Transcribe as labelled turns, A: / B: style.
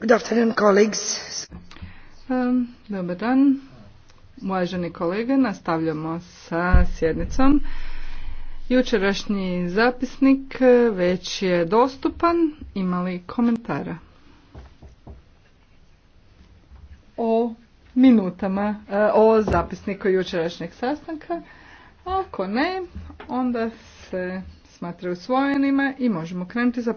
A: Dobar dan, uvaženi kolege. Nastavljamo sa sjednicom. Jučerašnji zapisnik već je dostupan. Ima li komentara? O minutama, e, o zapisniku jučerašnjeg sastanka. Ako ne, onda se
B: smatra usvojenima i možemo krenuti za posljednje.